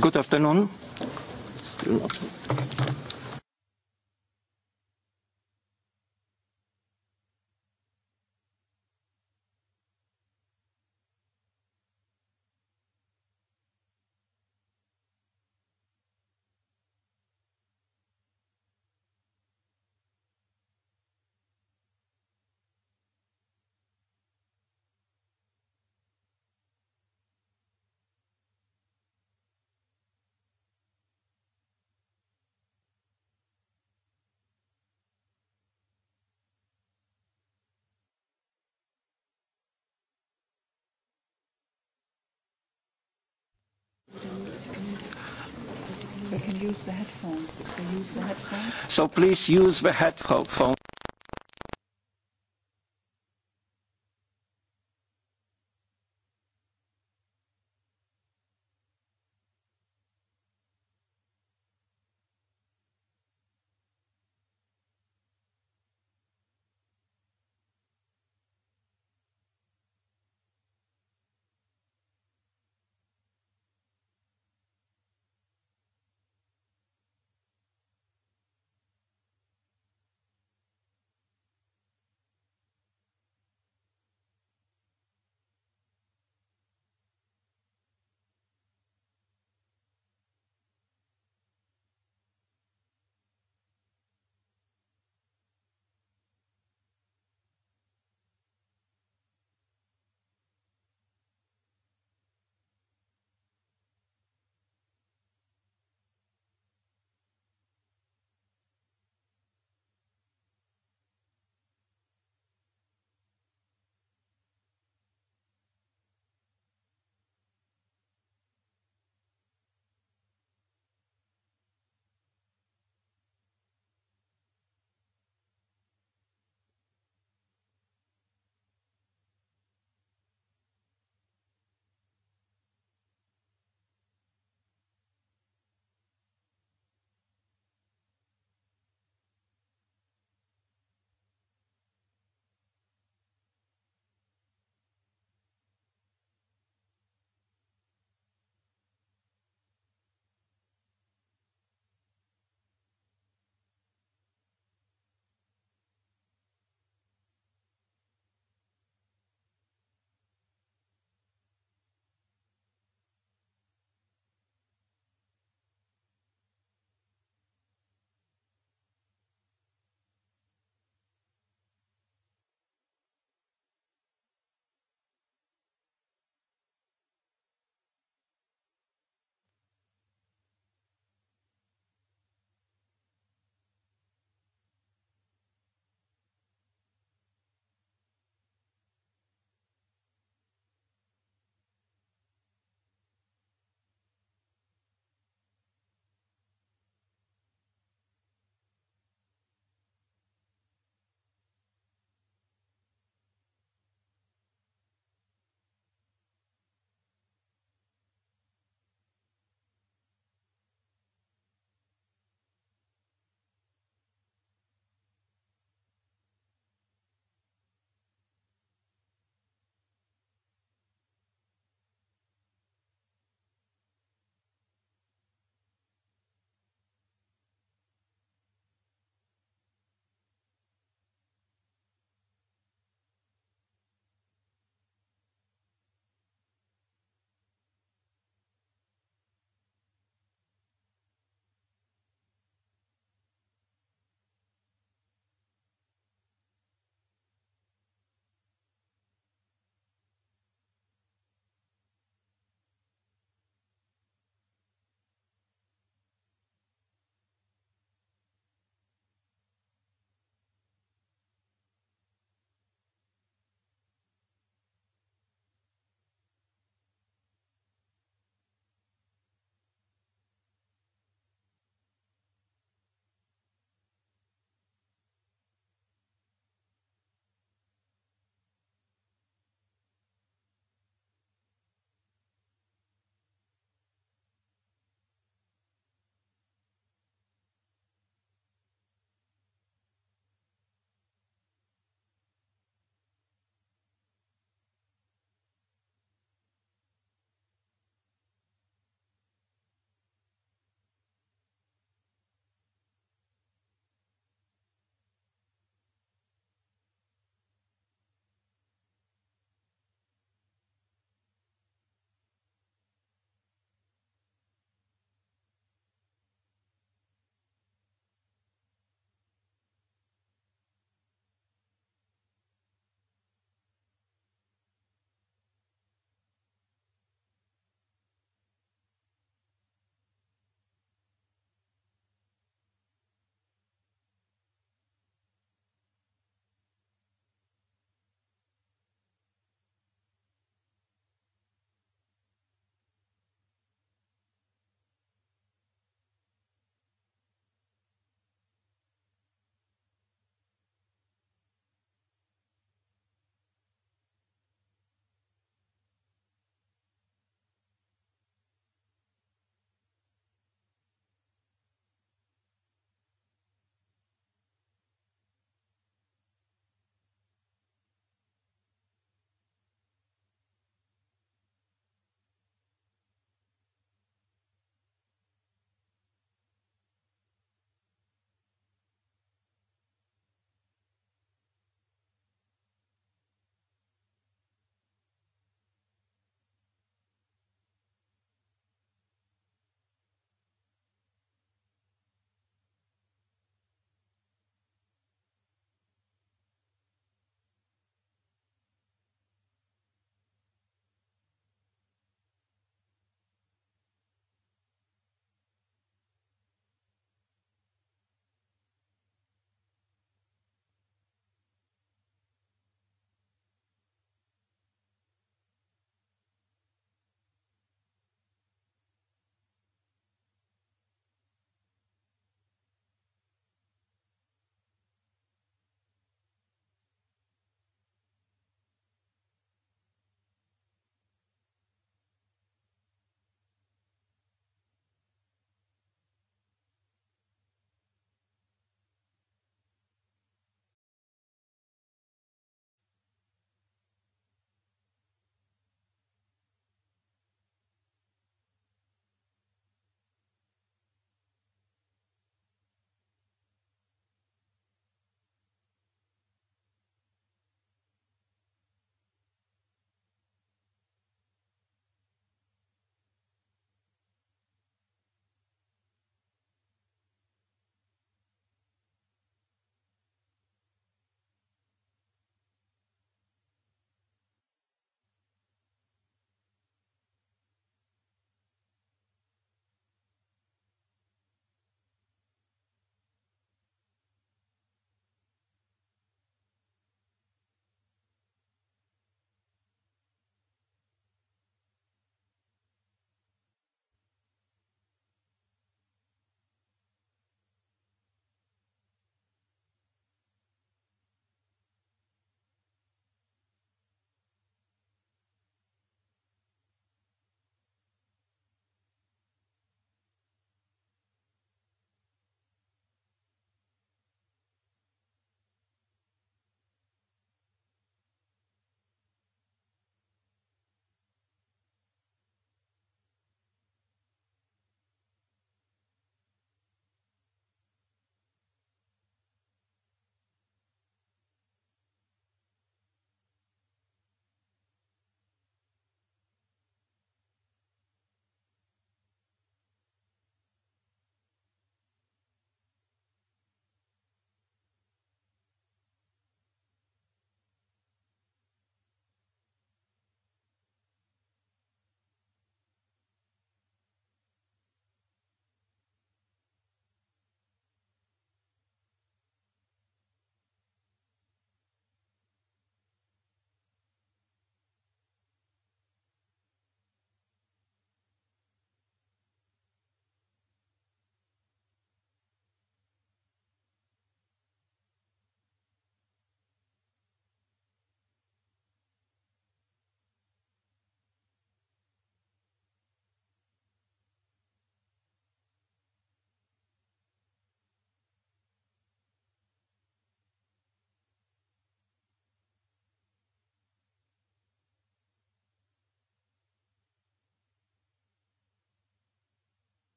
Good afternoon. So please use the headphones.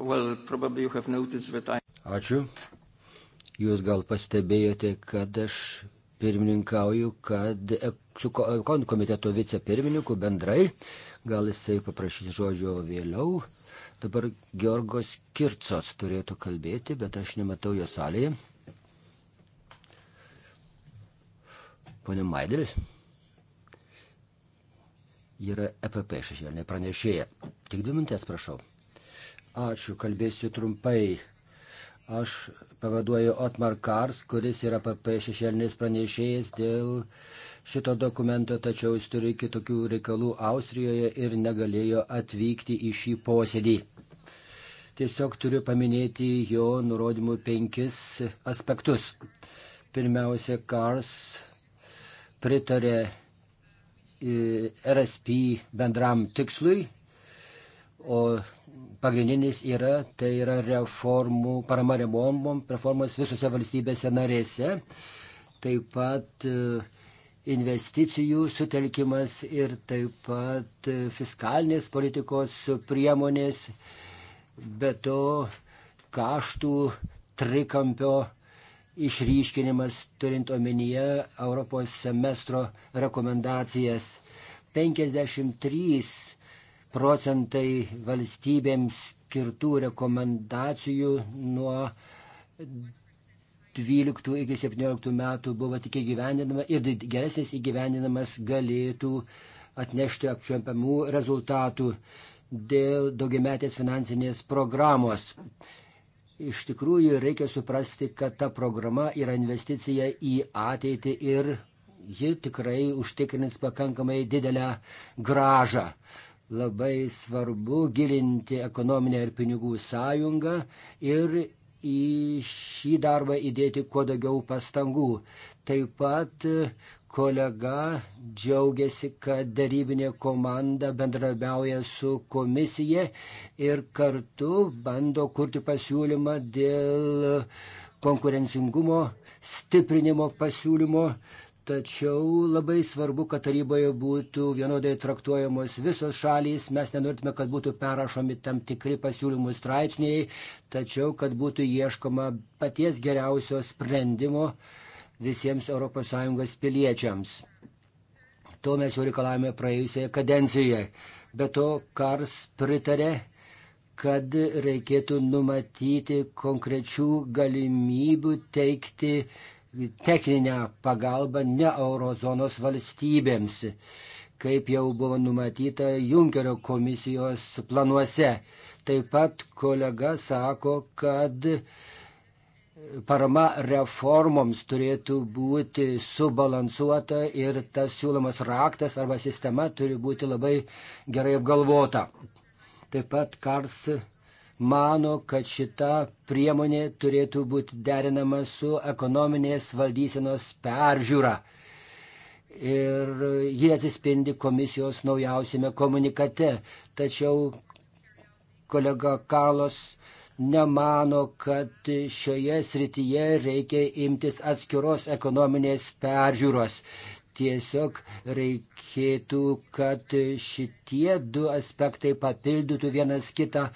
Well, I... Ačiū. Jūs gal pastebėjote, kad aš pirmininkauju, kad su komiteto vicepirmininku bendrai, gal jisai paprašys žodžio vėliau. Dabar Georgos Kircos turėtų kalbėti, bet aš nematau jo salėje. Pone Maidelis yra EPP šešėlinė pranešėja. Tik dvi minutės, prašau. Ačiū, kalbėsiu trumpai. Aš pavaduoju Otmar Kars, kuris yra PP šešėlinis pranešėjas dėl šito dokumento, tačiau jis turi kitokių reikalų Austrijoje ir negalėjo atvykti į šį posėdį. Tiesiog turiu paminėti jo nurodymų penkis aspektus. Pirmiausia, Kars pritarė e, RSP bendram tikslui O pagrindinis yra, tai yra reformų, parama remomom, reformos visose valstybėse narėse, taip pat e, investicijų sutelkimas ir taip pat e, fiskalinės politikos priemonės, be to kaštų trikampio išryškinimas, turint omenyje Europos semestro rekomendacijas. 53 procentai valstybėms skirtų rekomendacijų nuo 12 iki 17 metų buvo tik įgyvendinama ir geresnis įgyvendinamas galėtų atnešti apčiuopiamų rezultatų dėl daugiametės finansinės programos. Iš tikrųjų reikia suprasti, kad ta programa yra investicija į ateitį ir ji tikrai užtikrins pakankamai didelę gražą labai svarbu gilinti ekonominę ir pinigų sąjungą ir į šį darbą įdėti kuo daugiau pastangų. Taip pat e, kolega džiaugiasi, kad darybinė komanda bendradarbiauja su komisija ir kartu bando kurti pasiūlymą dėl konkurencingumo stiprinimo pasiūlymo Tačiau labai svarbu, kad taryboje būtų vienodai traktuojamos visos šalys. Mes nenorėtume, kad būtų perrašomi tam tikri pasiūlymų straipsniai, tačiau kad būtų ieškoma paties geriausio sprendimo visiems ES piliečiams. To mes jau reikalavome praėjusioje kadencijoje. Be to, Kars pritarė kad reikėtų numatyti konkrečių galimybių teikti uh, techninę pagalbą ne eurozonos valstybėms, kaip jau buvo numatyta Junkerio komisijos planuose. Taip pat kolega sako, kad parama reformoms turėtų būti subalansuota ir tas siūlomas raktas arba sistema turi būti labai gerai apgalvota. Taip pat Kars mano, kad šita priemonė turėtų būti derinama su ekonominės valdysenos peržiūra. Ir ji atsispindi komisijos naujausime komunikate. Tačiau kolega Karlos nemano, kad šioje srityje reikia imtis atskiros ekonominės peržiūros tiesiog reikėtų, kad šitie du aspektai papildytų vienas kitą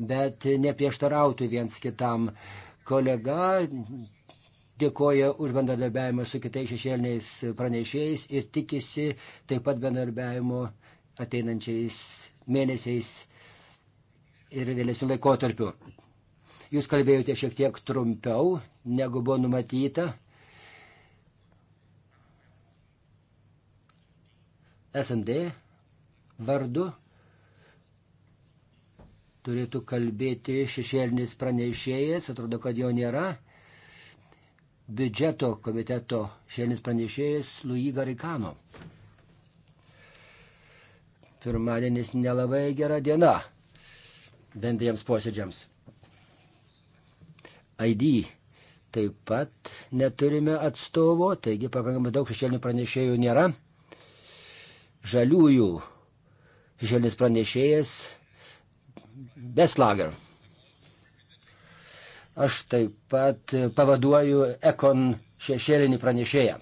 bet neprieštarautų viens kitam. Kolega dėkoja už bendradarbiavimą su kitais šešėliniais pranešėjais ir tikisi taip pat bendradarbiavimo ateinančiais mėnesiais ir vėlesnių laikotarpių. Jūs kalbėjote šiek tiek trumpiau, negu buvo numatyta. SND vardu turėtų kalbėti šešėlinis pranešėjas, atrodo, kad jo nėra. Biudžeto komiteto šešėlinis pranešėjas Luigi Garikano. Pirmadienis nelabai gera diena bendriems posėdžiams. ID taip pat neturime atstovo, taigi pakankamai daug šešėlinių pranešėjų nėra. Žaliųjų šešėlinis pranešėjas Beslager. Aš taip pat pavaduoju Ekon šešėlinį pranešėją.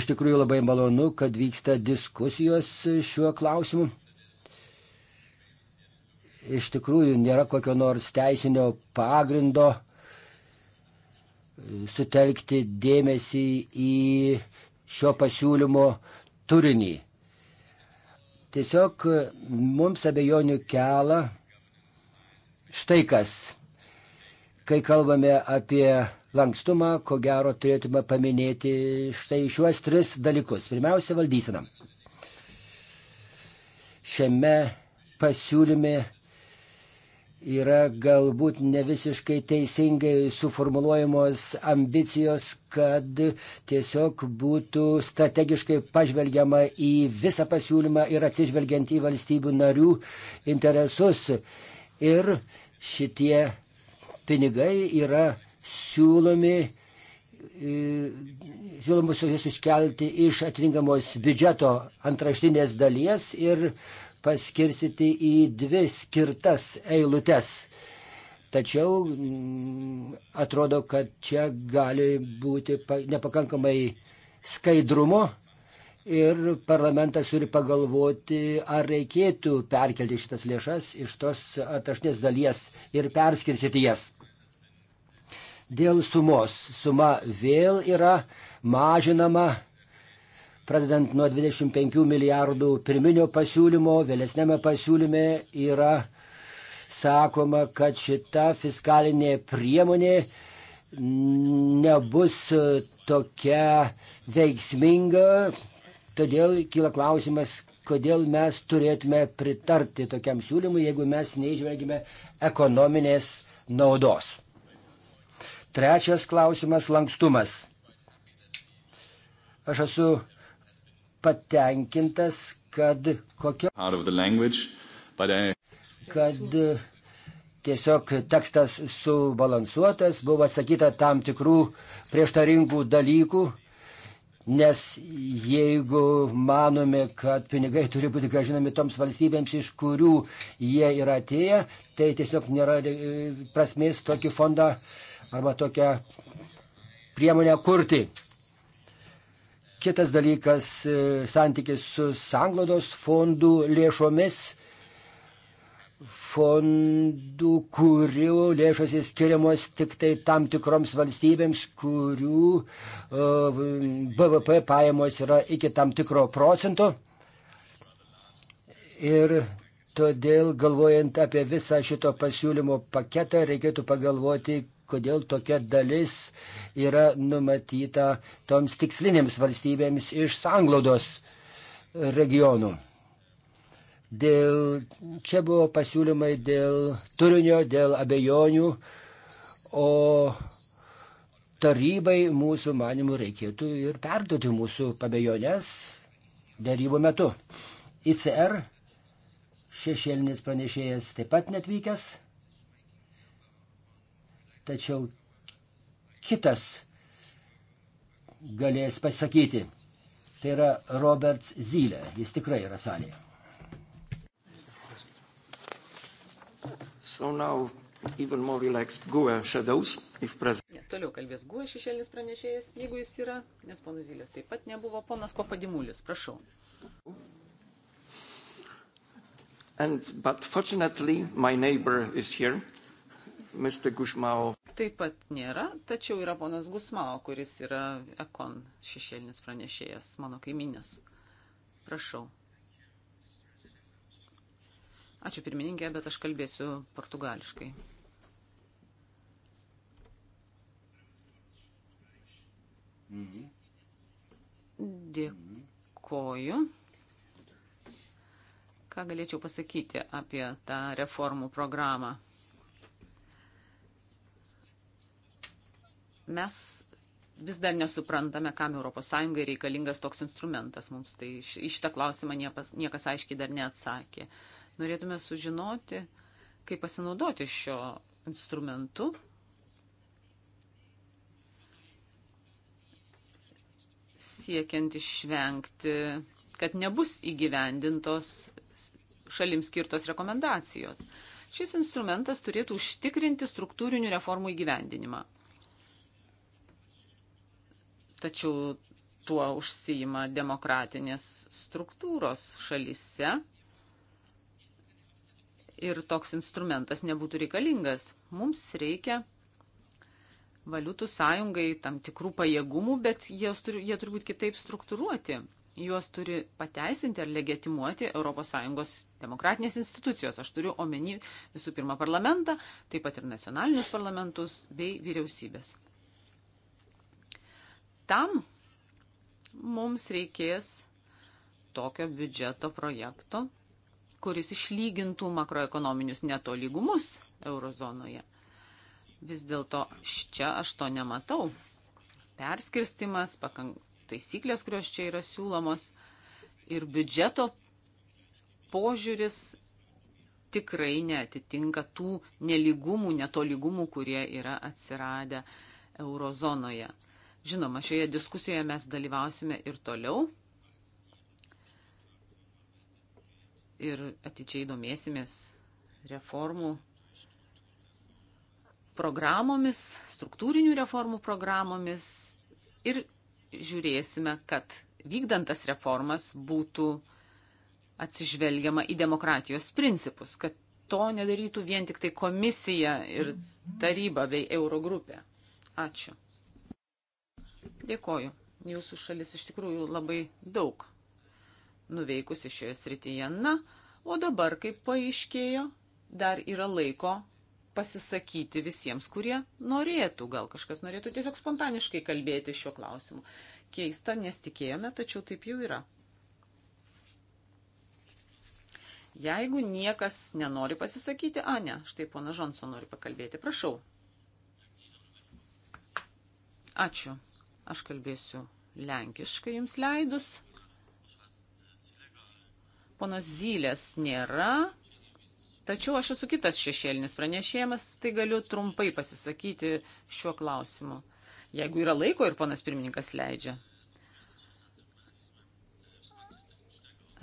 Iš tikrųjų labai malonu, kad vyksta diskusijos šiuo klausimu. Iš tikrųjų nėra kokio nors teisinio pagrindo sutelkti dėmesį į šio pasiūlymo turinį. Tiesiog e, mums abejonių kelia štai kas. Kai kalbame apie lankstumą, ko gero turėtume paminėti štai šiuos tris dalykus. Pirmiausia, valdysena. Šiame pasiūlyme yra galbūt ne visiškai teisingai suformuluojamos ambicijos, kad tiesiog būtų strategiškai pažvelgiama į visą pasiūlymą ir atsižvelgiant į valstybių narių interesus. Ir šitie pinigai yra siūlomi, e, siūlomus juos iškelti iš atitinkamos biudžeto antraštinės dalies ir paskirstyti į dvi skirtas eilutes. Tačiau mm, atrodo, kad čia gali būti nepakankamai skaidrumo ir parlamentas turi pagalvoti, ar reikėtų perkelti šitas lėšas iš tos atrašinės dalies ir perskirstyti jas. Dėl sumos suma vėl yra mažinama pradedant nuo 25 milijardų pirminio pasiūlymo, vėlesnėme pasiūlyme yra sakoma, kad šita fiskalinė priemonė nebus tokia veiksminga, todėl kyla klausimas, kodėl mes turėtume pritarti tokiam siūlymui, jeigu mes neižvelgime ekonominės naudos. Trečias klausimas - lankstumas. Aš esu patenkintas, kad kokia. I... Uh, kad tiesiog tekstas subalansuotas, buvo atsakyta tam tikrų prieštaringų dalykų, nes jeigu manome, kad pinigai turi būti gražinami toms valstybėms, iš kurių jie yra atėję, tai tiesiog nėra e, prasmės tokį fondą arba tokią priemonę kurti. Kitas dalykas e, - santykis su sanglodos fondų lėšomis, fondų, kurių lėšos įskiriamos tik tai tam tikroms valstybėms, kurių uh, e, BVP pajamos yra iki tam tikro procento. Ir todėl galvojant apie visą šito pasiūlymo paketą, reikėtų pagalvoti, kodėl tokia dalis yra numatyta toms tikslinėms valstybėms iš sanglaudos regionų. Dėl, čia buvo pasiūlymai dėl turinio, dėl abejonių, o tarybai mūsų manimų reikėtų ir perduoti mūsų pabejonės darybų metu. ICR šešėlinis pranešėjas taip pat netvykęs tačiau kitas galės pasakyti. Tai yra Roberts Zylė, jis tikrai yra salėje. So now even more relaxed GUE shadows, if present. Toliau kalbės GUE šešėlis pranešėjas, jeigu jis yra, nes ponas Zylės taip pat nebuvo, ponas Papadimulis, prašau. And, but fortunately, my neighbor is here. Mr. Gušmao. Taip pat nėra, tačiau yra ponas Gusmao, kuris yra Ekon šešėlinis pranešėjas, mano kaiminės. Prašau. Ačiū pirmininkė, bet aš kalbėsiu portugališkai. Dėkoju. Ką galėčiau pasakyti apie tą reformų programą? Mes vis dar nesuprantame, kam ES reikalingas toks instrumentas. Mums tai iš tą klausimą niekas, niekas aiškiai dar neatsakė. Norėtume sužinoti, kaip pasinaudoti šio instrumentu. siekiant išvengti, kad nebus įgyvendintos šalims skirtos rekomendacijos. Šis instrumentas turėtų užtikrinti struktūrinių reformų įgyvendinimą. Tačiau tuo užsijima demokratinės struktūros šalyse ir toks instrumentas nebūtų reikalingas. Mums reikia valiutų sąjungai tam tikrų pajėgumų, bet jie turi, jie turi būti kitaip struktūruoti. Juos turi pateisinti ar legitimuoti ES demokratinės institucijos. Aš turiu omeny visų pirma parlamentą, taip pat ir nacionalinius parlamentus bei vyriausybės tam mums reikės tokio biudžeto projekto, kuris išlygintų makroekonominius netolygumus eurozonoje. Vis dėlto čia aš to nematau. Perskirstimas, pakank, taisyklės, kurios čia yra siūlomos ir biudžeto požiūris tikrai netitinka tų neligumų, netolygumų, kurie yra atsiradę eurozonoje. Žinoma, šioje diskusijoje mes dalyvausime ir toliau. Ir atidžiai domėsimės reformų programomis, struktūrinių reformų programomis ir žiūrėsime, kad vykdantas reformas būtų atsižvelgiama į demokratijos principus, kad to nedarytų vien tik tai komisija ir taryba bei eurogrupė. Ačiū. Dėkoju. Jūsų šalis iš tikrųjų labai daug nuveikusi šioje srityje. Na, o dabar, kaip paaiškėjo, dar yra laiko pasisakyti visiems, kurie norėtų. Gal kažkas norėtų tiesiog spontaniškai kalbėti šiuo klausimu. Keista, nesitikėjome, tačiau taip jau yra. Jeigu niekas nenori pasisakyti, a ne, štai pona Žonson nori pakalbėti, prašau. Ačiū. Aš kalbėsiu lenkiškai jums leidus. Ponos Zylės nėra, tačiau aš esu kitas šešėlinis pranešėjimas, tai galiu trumpai pasisakyti šiuo klausimu, jeigu yra laiko ir ponas pirmininkas leidžia.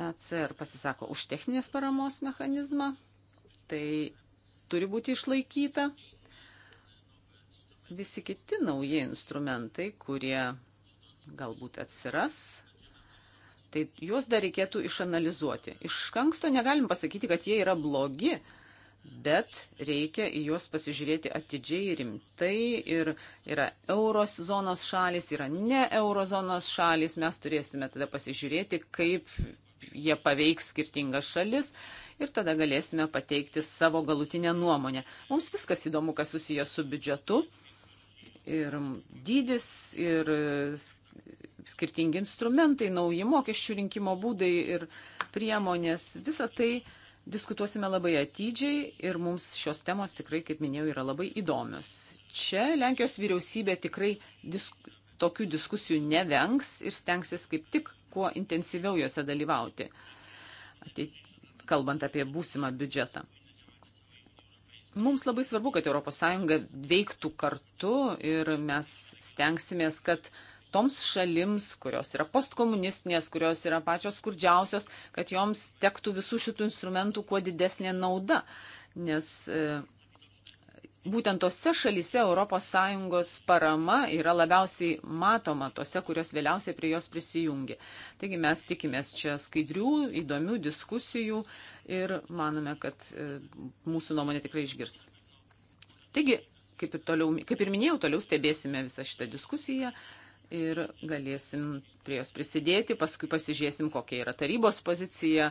ECR pasisako už techninės paramos mechanizmą, tai turi būti išlaikyta visi kiti nauji instrumentai, kurie galbūt atsiras, tai juos dar reikėtų išanalizuoti. Iš anksto negalim pasakyti, kad jie yra blogi, bet reikia į juos pasižiūrėti atidžiai rimtai ir yra eurozonos šalis, yra ne eurozonos šalis, mes turėsime tada pasižiūrėti, kaip jie paveiks skirtingas šalis ir tada galėsime pateikti savo galutinę nuomonę. Mums viskas įdomu, kas susijęs su biudžetu ir dydis, ir e, skirtingi instrumentai, nauji mokesčių rinkimo būdai ir priemonės, visą tai diskutuosime labai atidžiai ir mums šios temos tikrai, kaip minėjau, yra labai įdomios. Čia Lenkijos vyriausybė tikrai disk tokių diskusijų nevengs ir stengsis kaip tik kuo intensyviau juose dalyvauti, Ateit, kalbant apie būsimą biudžetą. Mums labai svarbu, kad ES veiktų kartu ir mes stengsimės, kad toms šalims, kurios yra postkomunistinės, kurios yra pačios skurdžiausios, kad joms tektų visų šitų instrumentų kuo didesnė nauda. Nes e, būtent tose šalise ES parama yra labiausiai matoma, tose, kurios vėliausiai prie jos prisijungi. Taigi mes tikimės čia skaidrių, įdomių diskusijų ir manome, kad e, mūsų nuomonė tikrai išgirs. Taigi, kaip ir, toliau, kaip ir minėjau, toliau stebėsime visą šitą diskusiją. Ir galėsim prie jos prisidėti, paskui pasižiūrėsim, kokia yra tarybos pozicija,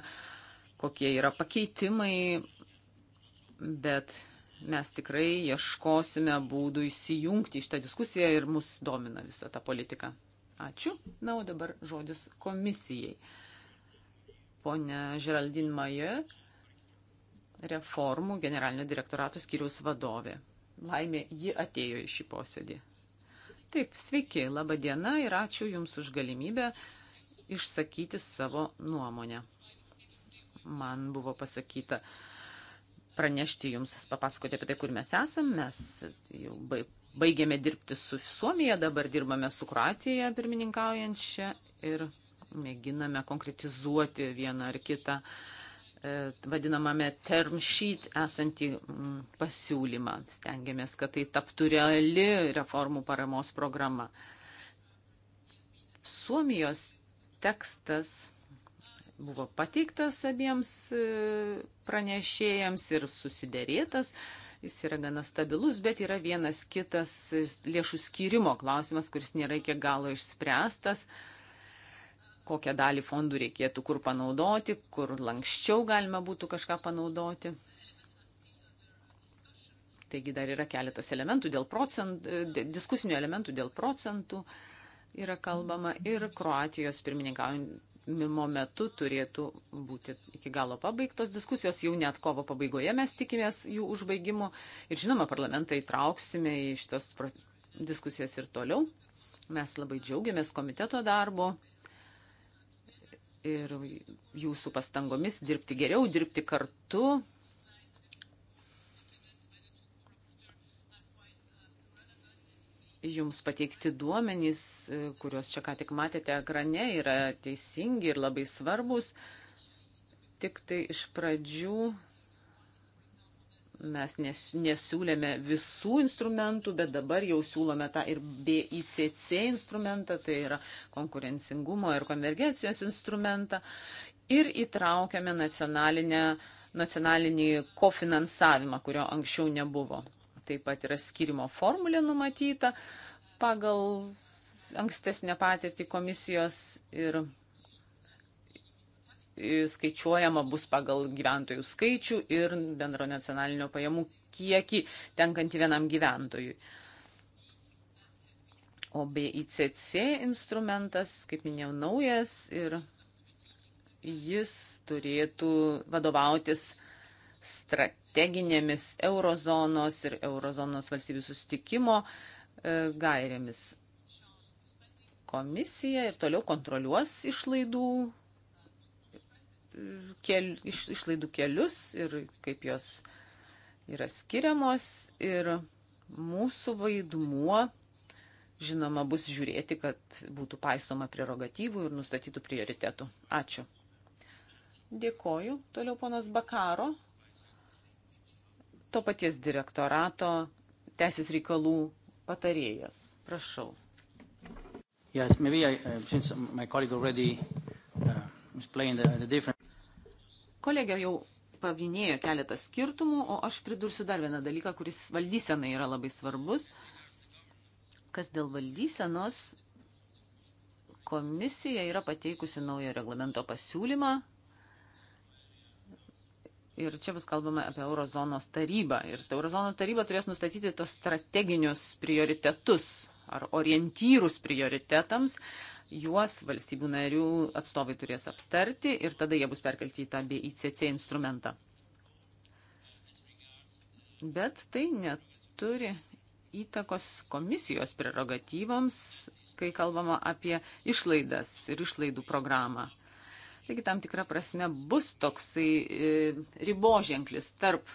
kokie yra pakeitimai, bet mes tikrai ieškosime būdų įsijungti į šitą diskusiją ir mus domina visa ta politika. Ačiū. Na, o dabar žodis komisijai. Pone Žeraldin Maje, reformų generalinio direktorato skyriaus vadovė. Laimė, ji atėjo į šį posėdį. Taip, sveiki, laba diena ir ačiū Jums už galimybę išsakyti savo nuomonę. Man buvo pasakyta, uh, pranešti jums, papasakoti apie tai, kur mes esam. Mes jau baigėme dirbti su Suomija, dabar dirbame su Kroatija pirmininkaujančia ir mėginame konkretizuoti vieną ar kitą e, vadinamame term sheet esantį mm, pasiūlymą. Stengiamės, kad tai taptų reali reformų paramos programa. Suomijos tekstas buvo pateiktas abiems e, pranešėjams ir susiderėtas. Jis yra gana stabilus, bet yra vienas kitas lėšų skirimo klausimas, kuris nėra iki galo išspręstas kokią dalį fondų reikėtų kur panaudoti, kur lankščiau galima būtų kažką panaudoti. Taigi dar yra keletas elementų dėl procentų, diskusinių elementų dėl procentų yra kalbama ir Kroatijos pirmininkaujant balsavimo metu turėtų būti iki galo pabaigtos diskusijos, jau net kovo pabaigoje mes tikimės jų užbaigimo ir žinoma, parlamentą įtrauksime į šitos diskusijas ir toliau. Mes labai džiaugiamės komiteto darbo ir jūsų pastangomis dirbti geriau, dirbti kartu, Jums pateikti duomenys, e, kuriuos čia ką tik matėte ekrane, yra teisingi ir labai svarbus. Tik tai iš pradžių mes nes, nesiūlėme visų instrumentų, bet dabar jau siūlome tą ir BICC instrumentą, tai yra konkurencingumo ir konvergencijos instrumentą, ir įtraukiame nacionalinį kofinansavimą, kurio anksčiau nebuvo. Taip pat yra skirimo formulė numatyta pagal ankstesnę patirtį komisijos ir skaičiuojama bus pagal gyventojų skaičių ir bendro nacionalinio pajamų kiekį tenkantį vienam gyventojui. O BICC instrumentas, kaip minėjau, naujas ir jis turėtų vadovautis strategija strateginėmis eurozonos ir eurozonos valstybių sustikimo e, gairėmis. Komisija ir toliau kontroliuos išlaidų, kel, iš, išlaidų kelius ir kaip jos yra skiriamos. Ir mūsų vaidmuo, žinoma, bus žiūrėti, kad būtų paisoma prerogatyvų ir nustatytų prioritetų. Ačiū. Dėkoju. Toliau ponas Bakaro, to paties direktorato teisės reikalų patarėjas. Prašau. Yes, maybe I, uh, since my colleague already uh, explained the, the difference. Kolegė jau paminėjo keletą skirtumų, o aš pridursiu dar vieną dalyką, kuris valdysenai yra labai svarbus. Kas dėl valdysenos, komisija yra pateikusi naujo reglamento pasiūlymą, Ir čia bus kalbama apie Eurozonos tarybą. Ir ta Eurozonos taryba turės nustatyti tos strateginius prioritetus ar orientyrus prioritetams. Juos valstybių narių atstovai turės aptarti ir tada jie bus perkelti į tą BICC instrumentą. Bet tai neturi įtakos komisijos prerogatyvams, kai kalbama apie išlaidas ir išlaidų programą. Taigi tam tikra prasme bus toksai e, riboženklis tarp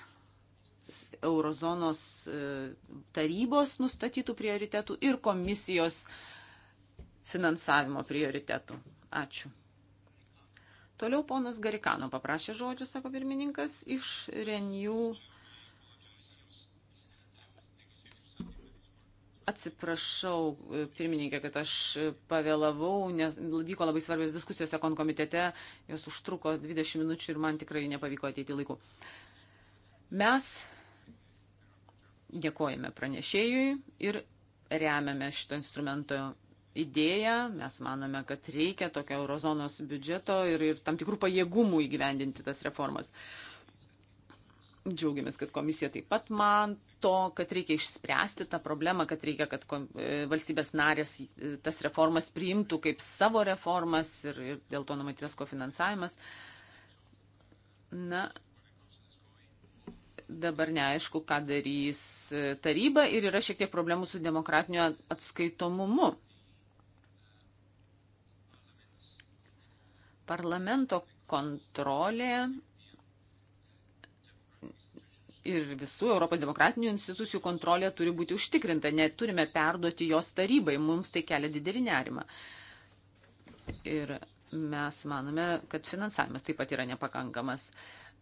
eurozonos e, tarybos nustatytų prioritetų ir komisijos finansavimo prioritetų. Ačiū. Toliau ponas Garikano paprašė žodžių, sako pirmininkas, iš Renijų Atsiprašau, e, pirmininkė, kad aš e, pavėlavau, nes vyko labai svarbios diskusijos ekon komitete, jos užtruko 20 minučių ir man tikrai nepavyko ateiti laiku. Mes dėkojame pranešėjui ir remiame šito instrumento idėją, mes manome, kad reikia tokio eurozonos biudžeto ir, ir tam tikrų pajėgumų įgyvendinti tas reformas. Uh, Džiaugiamės, kad komisija taip pat man to, kad reikia išspręsti tą problemą, kad reikia, kad e, valstybės narės e, tas reformas priimtų kaip savo reformas ir, ir dėl to numatytas kofinansavimas. Na, dabar neaišku, ką darys e, taryba ir yra šiek tiek problemų su demokratiniu atskaitomumu. Parlamento kontrolė ir visų Europos demokratinių institucijų kontrolė turi būti užtikrinta, neturime perduoti jos tarybai, mums tai kelia didelį nerimą. Ir mes manome, kad finansavimas taip pat yra nepakankamas.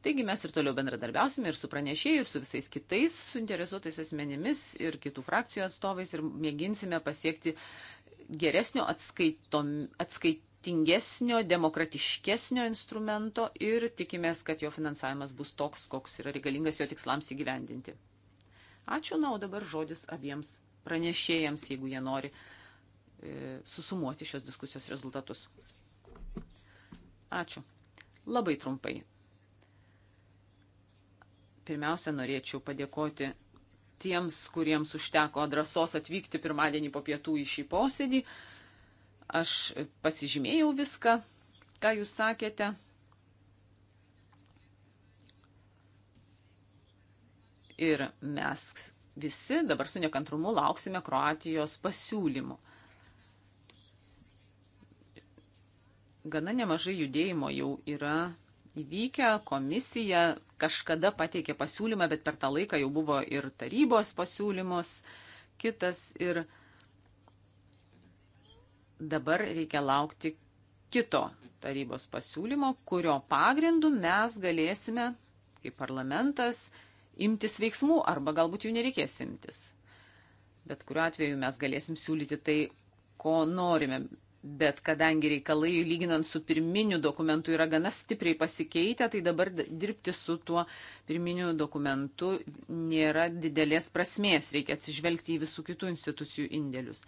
Taigi mes ir toliau bendradarbiausime ir su pranešėjai, ir su visais kitais suinteresuotais asmenimis, ir kitų frakcijų atstovais, ir mėginsime pasiekti geresnio atskaitom, atskait, tingesnio, demokratiškesnio instrumento ir tikimės, kad jo finansavimas bus toks, koks yra reikalingas jo tikslams įgyvendinti. Ačiū, na, o dabar žodis abiems pranešėjams, jeigu jie nori e, susumuoti šios diskusijos rezultatus. Ačiū. Labai trumpai. Pirmiausia, norėčiau padėkoti tiems, kuriems užteko drąsos atvykti pirmadienį po pietų į šį posėdį. E, Aš pasižymėjau viską, ką jūs sakėte. Ir mes visi dabar su nekantrumu lauksime Kroatijos pasiūlymų. Gana nemažai judėjimo jau yra įvykę, komisija kažkada pateikė pasiūlymą, bet per tą laiką jau buvo ir tarybos pasiūlymus, kitas ir Dabar reikia laukti kito tarybos pasiūlymo, kurio pagrindu mes galėsime, kaip parlamentas, imtis veiksmų arba galbūt jų nereikės imtis. Bet kuriuo atveju mes galėsim siūlyti tai, ko norime. Bet kadangi reikalai, lyginant su pirminiu dokumentu, yra gana stipriai pasikeitę, tai dabar dirbti su tuo pirminiu dokumentu nėra didelės prasmės. Reikia atsižvelgti į visų kitų institucijų indėlius.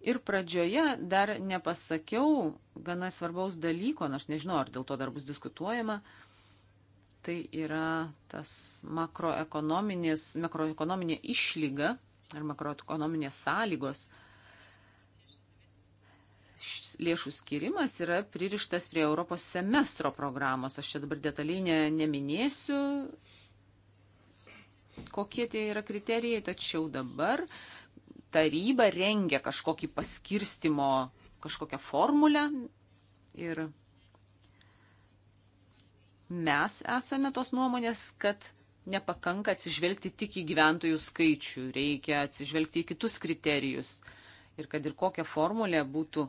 Ir pradžioje dar nepasakiau gana svarbaus dalyko, nors nežinau, ar dėl to dar bus diskutuojama. Tai yra tas makroekonominė išlyga ar makroekonominės sąlygos. Lėšų skirimas yra pririštas prie Europos semestro programos. Aš čia dabar detaliai ne, neminėsiu, kokie tie yra kriterijai, tačiau dabar uh, taryba rengia kažkokį paskirstimo, kažkokią formulę ir mes esame tos nuomonės, kad nepakanka atsižvelgti tik į gyventojų skaičių, reikia atsižvelgti į kitus kriterijus. Ir kad ir kokia formulė būtų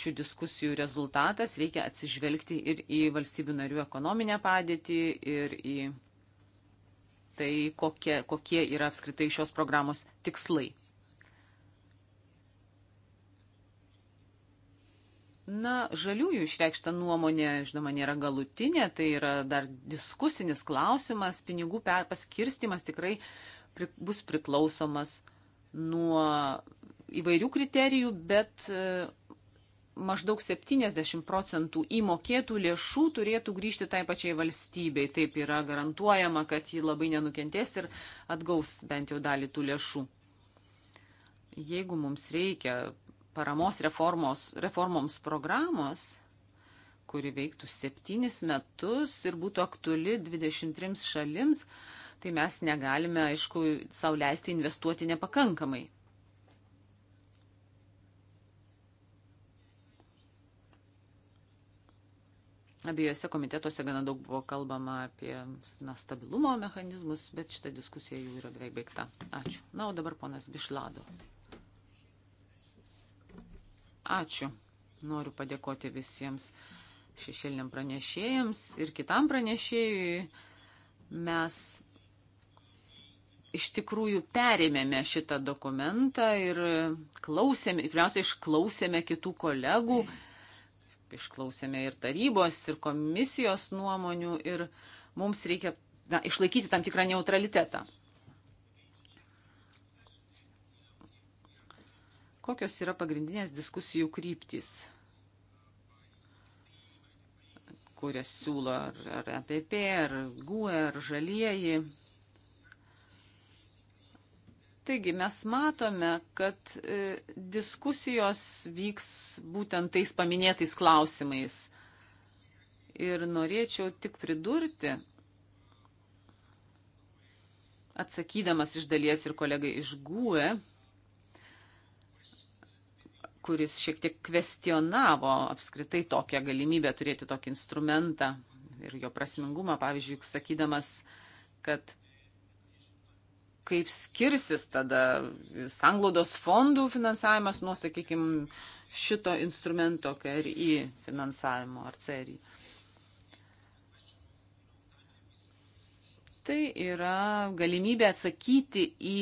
šių diskusijų rezultatas, reikia atsižvelgti ir į valstybių narių ekonominę padėtį, ir į tai, kokie, kokie yra apskritai šios programos tikslai. Na, žaliųjų išreikšta nuomonė, žinoma, nėra galutinė, tai yra dar diskusinis klausimas, pinigų perpaskirstimas tikrai pri, bus priklausomas nuo įvairių kriterijų, bet e, maždaug 70 procentų įmokėtų lėšų turėtų grįžti tai pačiai valstybei. Taip yra garantuojama, kad ji labai nenukentės ir atgaus bent jau dalį tų lėšų. Jeigu mums reikia paramos reformos, reformoms programos, kuri veiktų septynis metus ir būtų aktuali 23 šalims, tai mes negalime, aišku, sauliaisti investuoti nepakankamai. Abiejose komitetuose gana daug buvo kalbama apie na, stabilumo mechanizmus, bet šita diskusija jau yra beveik baigta. Ačiū. Na, o dabar ponas Bišlado. Ačiū. Noriu padėkoti visiems šešėliniam pranešėjams ir kitam pranešėjui. Mes iš tikrųjų perėmėme šitą dokumentą ir klausėme, pirmiausia, išklausėme kitų kolegų, išklausėme ir tarybos, ir komisijos nuomonių ir mums reikia na, išlaikyti tam tikrą neutralitetą. Kokios yra pagrindinės diskusijų kryptis, kurias siūlo ar, ar APP, ar GUE, ar žalieji? Taigi mes matome, kad e, diskusijos vyks būtent tais paminėtais klausimais. Ir norėčiau tik pridurti, atsakydamas iš dalies ir kolegai iš GUE, kuris šiek tiek kvestionavo apskritai tokią galimybę turėti tokį instrumentą ir jo prasmingumą, pavyzdžiui, sakydamas, kad kaip skirsis tada sanglaudos fondų finansavimas nuo, sakykime, šito instrumento KRI finansavimo ar CRI. Tai yra galimybė atsakyti į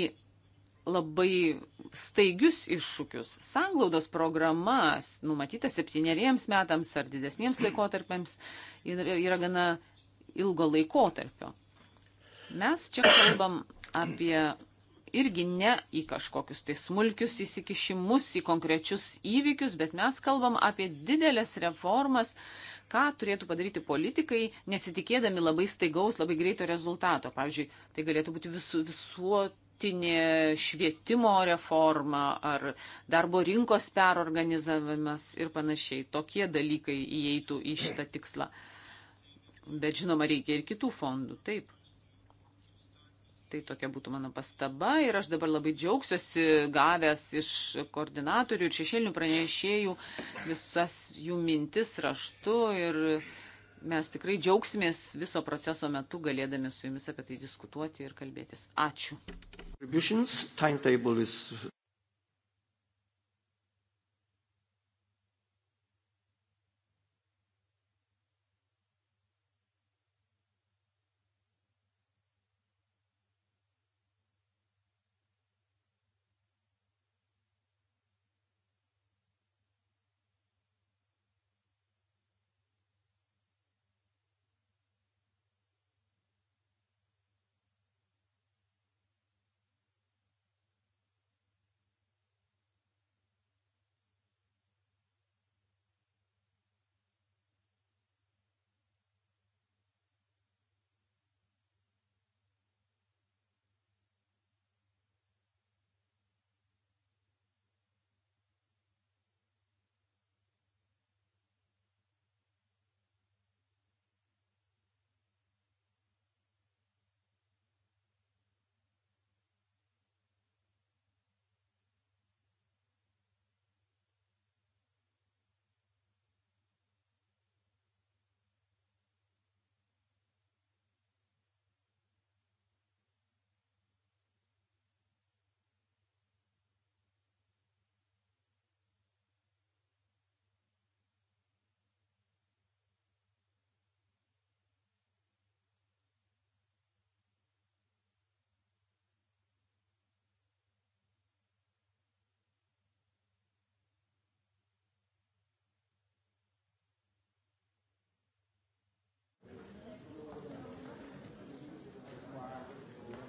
labai staigius iššūkius. Sanglaudos programas numatytas septyneriems metams ar didesniems laikotarpiams yra gana ilgo laikotarpio. Mes čia kalbam apie irgi ne į kažkokius tai smulkius įsikišimus, į konkrečius įvykius, bet mes kalbam apie didelės reformas, ką turėtų padaryti politikai, nesitikėdami labai staigaus, labai greito rezultato. Pavyzdžiui, tai galėtų būti visu, visuot politinė švietimo reforma ar darbo rinkos perorganizavimas ir panašiai. Tokie dalykai įeitų į šitą tikslą. Bet žinoma, reikia ir kitų fondų, taip. Tai tokia būtų mano pastaba ir aš dabar labai džiaugsiuosi gavęs iš koordinatorių ir šešėlinių pranešėjų visas jų mintis raštu ir mes tikrai džiaugsimės viso proceso metu galėdami su jumis apie tai diskutuoti ir kalbėtis. Ačiū. Is...